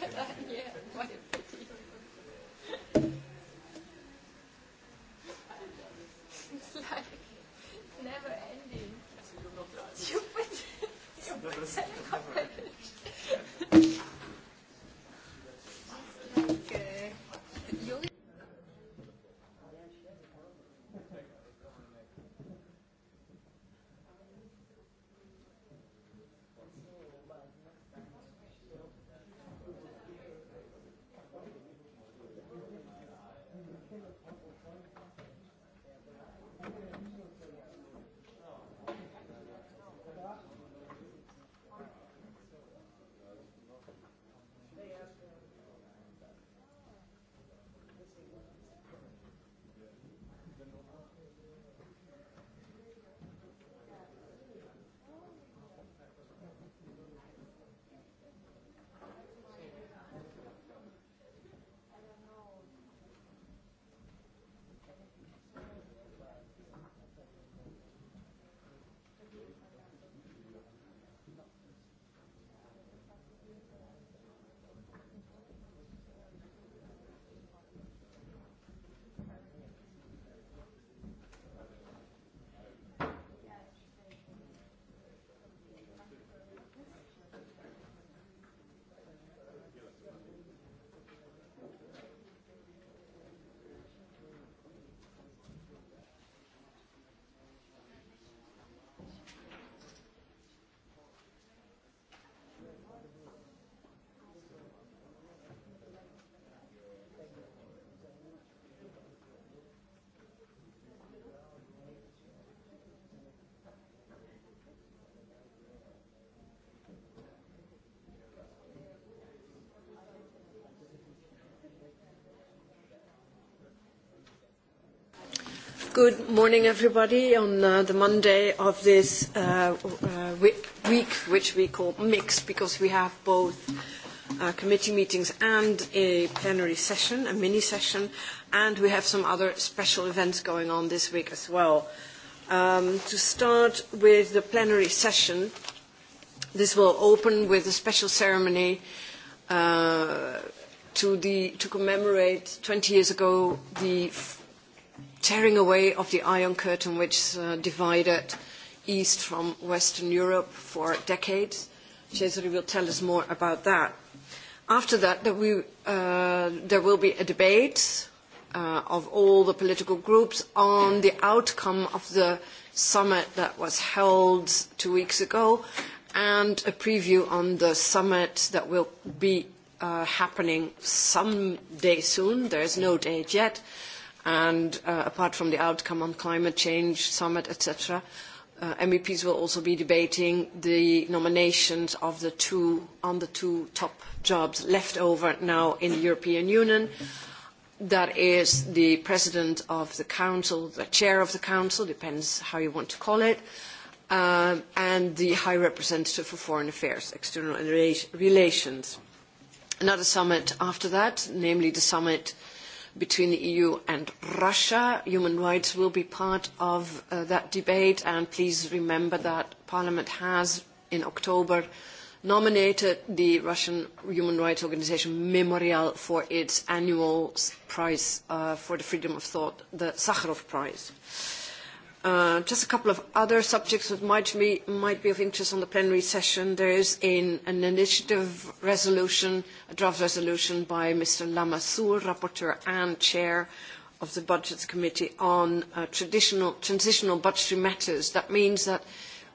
like that, yeah. Good morning, everybody, on uh, the Monday of this uh, uh, week, which we call mixed, because we have both uh, committee meetings and a plenary session, a mini session, and we have some other special events going on this week as well. Um, to start with the plenary session, this will open with a special ceremony uh, to, the, to commemorate 20 years ago the tearing away of the Iron Curtain, which divided East from Western Europe for decades. Cesare will tell us more about that. After that, there, uh, there will be a debate uh, of all the political groups on the outcome of the summit that was held two weeks ago and a preview on the summit that will be uh, happening someday soon. There is no date yet. Uh, And apart from the outcome on climate change, summit, etc., MEPs will also be debating the nominations of the two, on the two top jobs left over now in the European Union. That is the president of the council, the chair of the council, depends how you want to call it, and the high representative for foreign affairs, external relations. Another summit after that, namely the summit uh, between the EU and Russia. Human rights will be part of that debate, and please remember that Parliament has, in October, nominated the Russian human rights organisation Memorial for its annual prize for the freedom of thought, the Sakharov Prize just a couple of other subjects that might be, might be of interest on the plenary session. There is an initiative resolution, a draft resolution by Mr. Lamassoure, rapporteur and chair of the Budgets Committee on traditional, transitional budgetary matters. That means that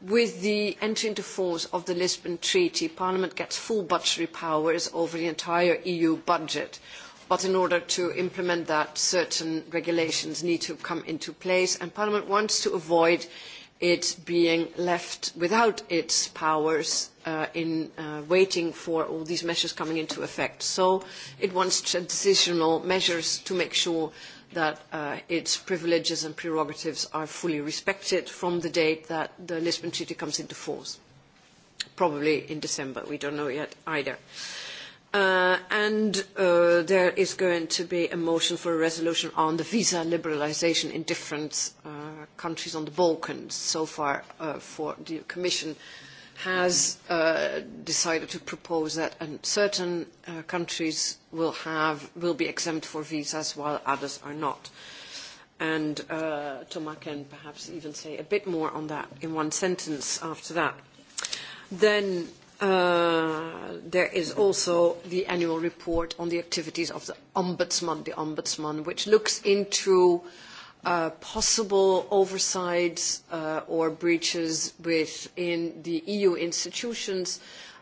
with the entry into force of the Lisbon Treaty, Parliament gets full budgetary powers over the entire EU budget but in order to implement that, certain regulations need to come into place, and Parliament wants to avoid it being left without its powers in waiting for all these measures coming into effect. So it wants transitional measures to make sure that its privileges and prerogatives are fully respected from the date that the Lisbon Treaty comes into force, probably in December. We don't know yet either. Uh, and there is going to be a motion for a resolution on the visa liberalisation in different countries on the Balkans. So far, for the Commission has decided to propose that certain countries will have will be exempt for visas while others are not. And uh, Thomas can perhaps even say a bit more on that in one sentence after that. Then there is also the annual report on the activities of the ombudsman, the ombudsman, which looks into possible oversights or breaches within the EU institutions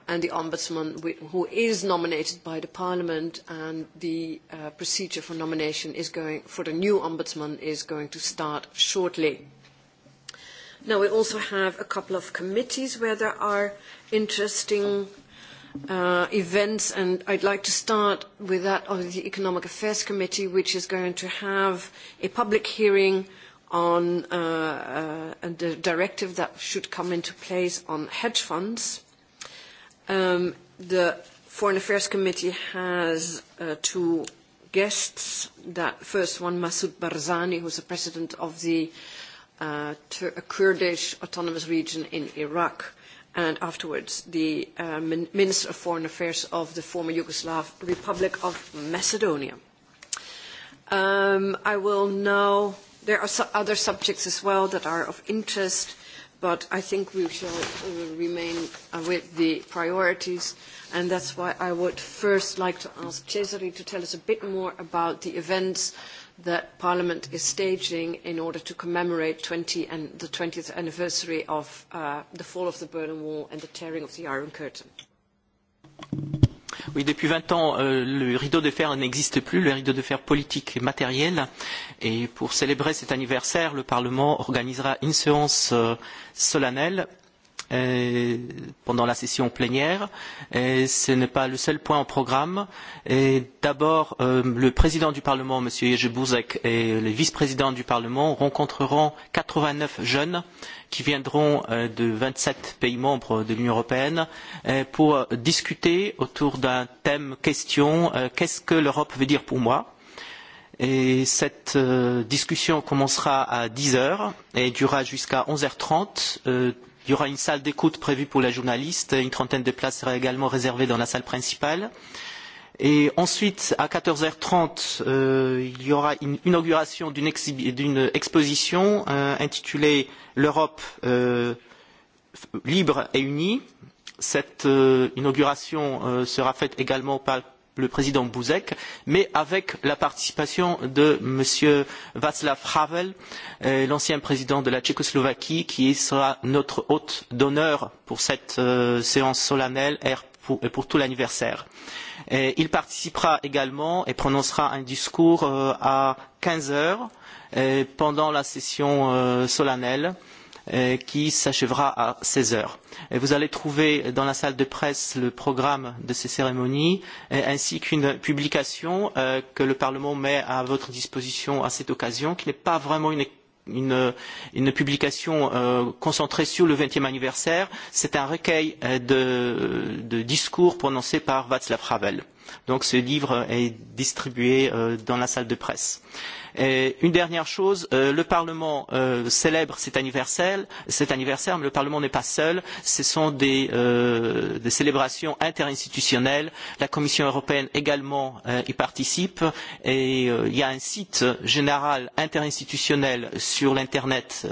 and the ombudsman, who is nominated by the parliament, and the procedure for nomination is going for the new ombudsman is going to start shortly. Now we also have a couple of committees where there are interesting uh, events, and I'd like to start with that of the Economic Affairs Committee, which is going to have a public hearing on uh, uh, the directive that should come into place on hedge funds. Um, the Foreign Affairs Committee has uh, two guests. That first one, Masoud Barzani, who's the president of the uh, to a Kurdish autonomous region in Iraq. And afterwards, the Minister of Foreign Affairs of the former Yugoslav Republic of Macedonia. I will now, there are other subjects as well that are of interest, but I think we shall remain with the priorities. And that's why I would first like to ask Cesare to tell us a bit more about the events that Parliament is staging in order to commemorate 20 and the 20th anniversary of the fall of the Berlin Wall and the tearing of the Iron Curtain. Oui, depuis 20 ans, le rideau de fer n'existe plus, le rideau de fer politique et matériel. Et pour célébrer cet anniversaire, le Parlement organisera une séance solennelle pendant la session plénière. Et ce n'est pas le seul point au programme. D'abord, le président du Parlement, M. Jerzy Buzek, et le vice président du Parlement rencontreront quatre-vingt neuf jeunes qui viendront de vingt sept pays membres de l'Union européenne pour discuter autour d'un thème question Qu'est-ce que l'Europe veut dire pour moi Et cette discussion commencera à dix heures et durera jusqu'à onze heures trente Il y aura une salle d'écoute prévue pour la journaliste. Une trentaine de places sera également réservée dans la salle principale. Et ensuite, à 14h30, euh, il y aura une inauguration d'une exposition euh, intitulée L'Europe euh, libre et unie. Cette euh, inauguration euh, sera faite également par le président Buzek, mais avec la participation de M. Václav Havel, l'ancien président de la Tchécoslovaquie, qui sera notre hôte d'honneur pour cette séance solennelle et pour, tout l'anniversaire. il participera également et prononcera un discours à quinze heures pendant la session solennelle qui s'achèvera à seize heures. vous allez trouver dans la salle de presse le programme de ces cérémonies ainsi qu'une publication que le Parlement met à votre disposition à cette occasion, qui n'est pas vraiment une une, une publication euh, concentrée sur le 20e anniversaire. C'est un recueil euh, de, de discours prononcés par Václav Havel Donc ce livre est distribué dans la salle de presse. Et une dernière chose, le Parlement célèbre cet anniversaire, cet anniversaire, mais le Parlement n'est pas seul. Ce sont des, célébrations interinstitutionnelles. La Commission européenne également y participe. Et il y a un site général interinstitutionnel sur l'internet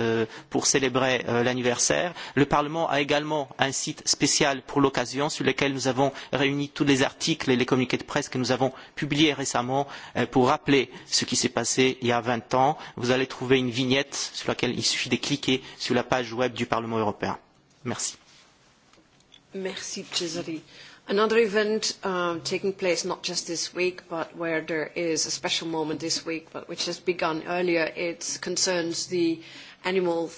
pour célébrer l'anniversaire. Le Parlement a également un site spécial pour l'occasion sur lequel nous avons réuni tous les articles et les communications communiqué de presse que nous avons publié récemment pour rappeler ce qui s'est passé il y a vingt ans. Vous allez trouver une vignette sur laquelle il suffit de cliquer sur la page web du Parlement européen. Merci. Merci, Cesare. Another event um, taking place not just this week, but where there is a special moment this week, but which has begun earlier, it concerns the animal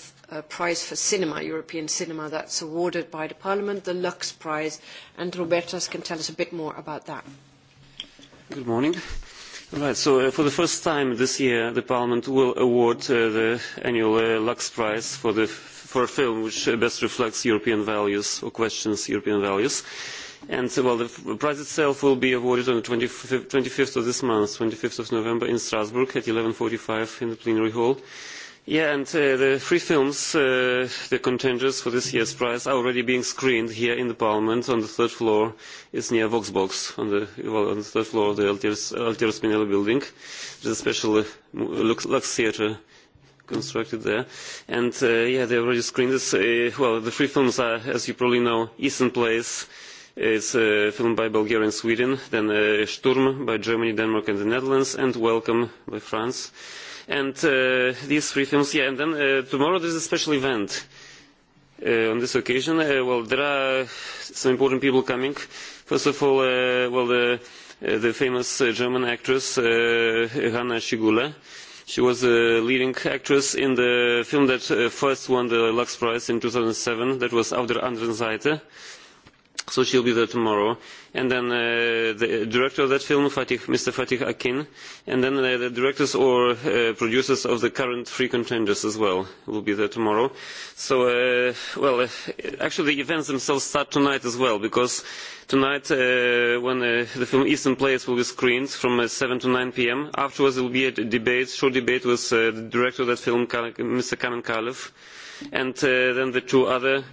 prize for cinema, European cinema, that's awarded by the Parliament, the Lux Prize, and Robertas can tell us a bit more about that. Good morning. Right, so for the first time this year, the Parliament will award the annual Lux Prize for the for a film which best reflects European values or questions European values. And well, the prize itself will be awarded on the 25th of this month, 25th of November in Strasbourg at 11.45 in the plenary hall Yeah, and the three films, the contenders for this year's prize, are already being screened here in the Parliament on the third floor. It's near Voxbox, on the, well, on the third floor of the Altiero Spinelli building. There's a special Lux Theatre constructed there. And yeah, they already screened this. well, the three films are, as you probably know, Eastern Place. It's a film by Bulgaria and Sweden, then uh, Sturm by Germany, Denmark and the Netherlands, and Welcome by France and these three films. Yeah, and then uh tomorrow there is a special event Uh on this occasion. Uh well, there are some important people coming. First of all, uh well, the, uh the famous uh German actress uh Hanna Schigula. She was a leading actress in the film that uh first won the Lux Prize in two thousand seven That was Auf der anderen Seite so she will be there tomorrow. And then uh, the director of that film, Fatih, Mr. Fatih Akin, and then uh, the directors or uh, producers of the current three contenders as well will be there tomorrow. So, uh, well, uh, actually the events themselves start tonight as well, because tonight uh, when uh, the film Eastern Players will be screened from uh, 7 to 9 p.m. Afterwards there will be a debate, short debate with uh, the director of that film, Mr. Kanan Kalev, and uh, then the two other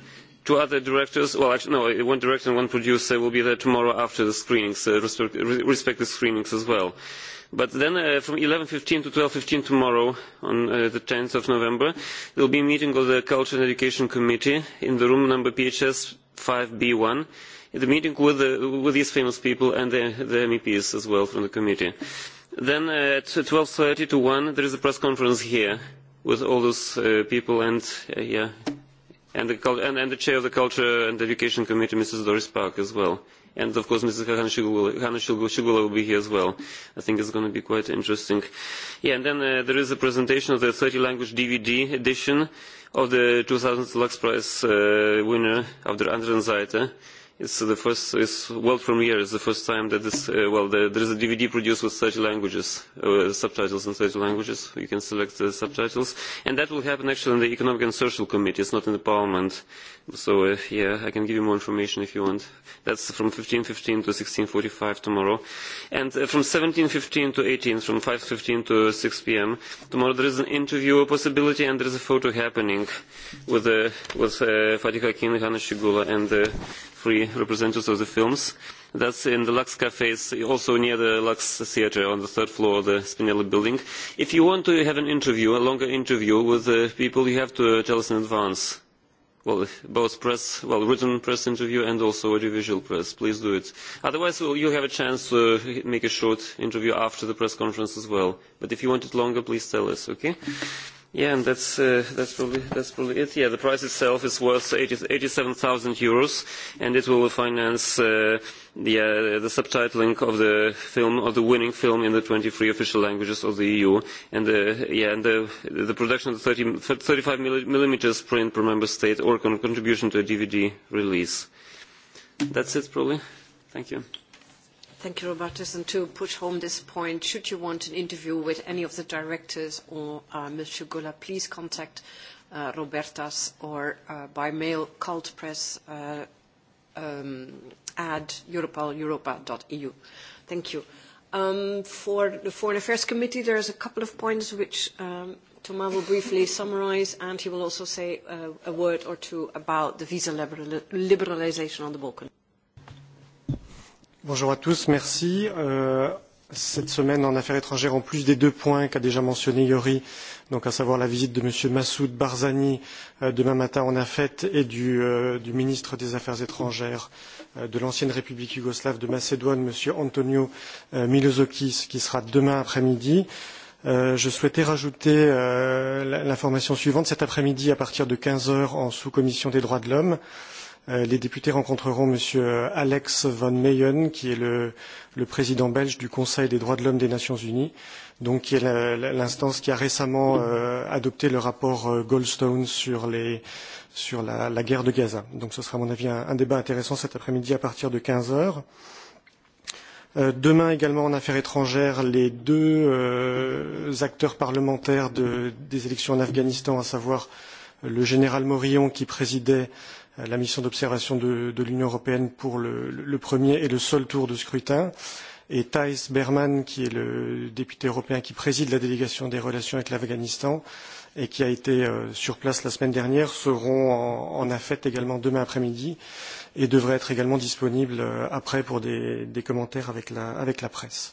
two other directors well actually no one director and one producer will be there tomorrow after the screenings uh, respective screenings as well but then uh, from 11.15 to 12.15 tomorrow on uh, the 10th of november there will be a meeting of the culture and education committee in the room number phs 5b1 the meeting with, the, with these famous people and the, the meps as well from the committee then at at 12.30 to 1 there is a press conference here with all those uh, people and uh, yeah and the chair of the culture and education committee mrs doris pack as well and of course mrs Hanna shugula will be here as well i think it's going to be quite interesting yeah and then uh, there is a presentation of the 30 language dvd edition of the 2000 lux prize uh, winner abdur andren zaita It's the first, it's well premiere. It's the first time that this, uh, well, the, there is a DVD produced with such languages, uh, subtitles in such languages. You can select the subtitles, and that will happen actually in the Economic and Social Committee. It's not in the Parliament. So uh, yeah, I can give you more information if you want. That's from 1515 to 1645 tomorrow, and uh, from 1715 to 18, from 5:15 to 6 p.m. tomorrow there is an interview possibility, and there is a photo happening with uh, with uh, Fatih Akin, Hannah Shigula, and uh, three representatives of the films. That's in the Lux Cafes, also near the Lux Theatre on the third floor of the Spinelli building. If you want to have an interview, a longer interview with the people, you have to tell us in advance. Well, both press, well, written press interview and also audiovisual press. Please do it. Otherwise, well, you have a chance to make a short interview after the press conference as well. But if you want it longer, please tell us, okay? Mm-hmm Yeah, and that's uh, that's probably that's probably it. Yeah, the price itself is worth eighty-seven thousand euros, and it will finance uh, the uh, the subtitling of the film of the winning film in the twenty-three official languages of the EU, and the yeah, and the the production of the 30, 35 millimeters print per member state or con contribution to a DVD release. That's it, probably. Thank you. Thank you, Robertus. And to push home this point, should you want an interview with any of the directors or uh, Monsieur Gola, please contact uh, Robertas or uh, by mail cult press uh, um, at europaleuropa.eu. Thank you. Um, for the Foreign Affairs Committee, there is a couple of points which um, Thomas will briefly summarize, and he will also say uh, a word or two about the visa liberalisation on the Balkans. Bonjour à tous, merci. cette semaine en affaires étrangères, en plus des deux points qu'a déjà mentionné Yori, donc à savoir la visite de M. Massoud Barzani demain matin en AFET et du, ministre des Affaires étrangères de l'ancienne République yougoslave de Macédoine, M. Antonio Milozokis, qui sera demain après-midi. je souhaitais rajouter l'information suivante. Cet après-midi, à partir de quinze heures en sous-commission des droits de l'homme, euh, les députés rencontreront M. Alex Van Meyen, qui est le, président belge du Conseil des droits de l'homme des Nations Unies, donc qui est l'instance qui a récemment adopté le rapport Goldstone sur, la, guerre de Gaza. Donc ce sera à mon avis un, débat intéressant cet après-midi à partir de quinze heures. Demain également en affaires étrangères, les deux acteurs parlementaires des élections en Afghanistan, à savoir le général Morillon qui présidait la mission d'observation de, de l'Union européenne pour le, le premier et le seul tour de scrutin. Et Thijs Berman, qui est le député européen qui préside la délégation des relations avec l'Afghanistan et qui a été euh, sur place la semaine dernière, seront en, en affect également demain après-midi et devraient être également disponibles euh, après pour des, des commentaires avec la, avec la presse.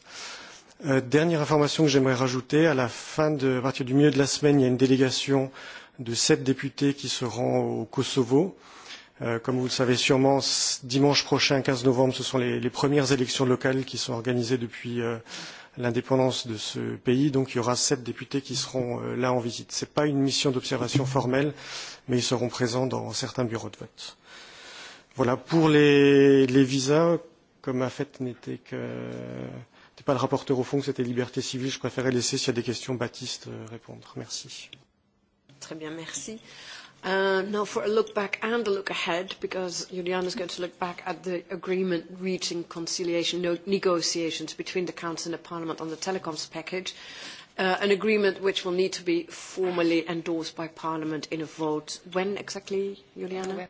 Euh, dernière information que j'aimerais rajouter, à la fin de, à partir du milieu de la semaine, il y a une délégation de sept députés qui se rend au Kosovo comme vous le savez sûrement, dimanche prochain, 15 novembre, ce sont les, les premières élections locales qui sont organisées depuis l'indépendance de ce pays. Donc il y aura sept députés qui seront là en visite. Ce n'est pas une mission d'observation formelle, mais ils seront présents dans certains bureaux de vote. Voilà, pour les, les visas, comme fait n'était que n'était pas le rapporteur au fond, c'était Liberté civile, je préférais laisser, s'il y a des questions, Baptiste répondre. Merci. Très bien, merci. Now for a look back and a look ahead, because Juliana is going to look back at the agreement reaching conciliation negotiations between the Council and the Parliament on the telecoms package, an agreement which will need to be formally endorsed by Parliament in a vote. When exactly, Juliana?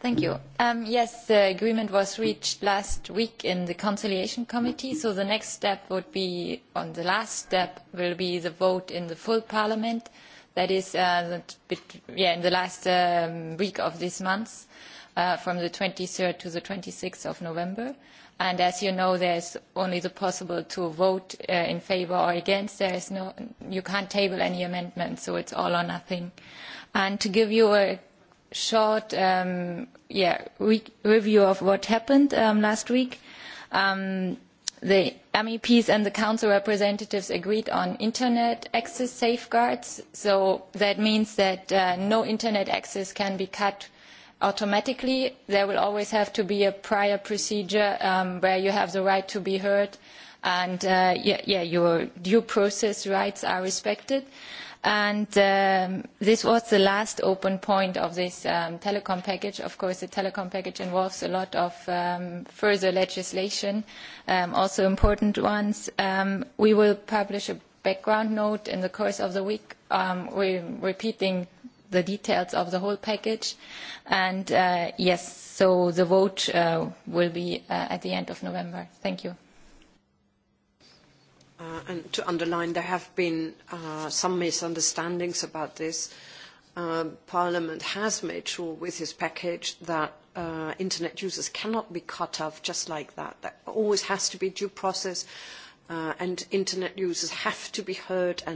Thank you. Yes, the agreement was reached last week in the Conciliation Committee, so the next step would be, on the last step, will be the vote in the full Parliament That is uh, bit yeah, in the last um, week of this month, uh, from the 23rd to the 26th of November. And as you know, there's only the possible to vote uh, in favor or against. There is no, you can't table any amendments, so it's all or nothing. And to give you a short um, yeah, re review of what happened um, last week, um, the meps and the council representatives agreed on internet access safeguards so that means that no internet access can be cut automatically there will always have to be a prior procedure where you have the right to be heard and and uh, yeah, yeah, your due process rights are respected. And um, this was the last open point of this um, telecom package. Of course, the telecom package involves a lot of um, further legislation, um, also important ones. Um, we will publish a background note in the course of the week. Um, we're repeating the details of the whole package. And uh, yes, so the vote uh, will be uh, at the end of November. Thank you and to underline there have been some misunderstandings about this. Parliament has made sure with his package that internet users cannot be cut off just like that. There always has to be due process, and internet users have to be heard and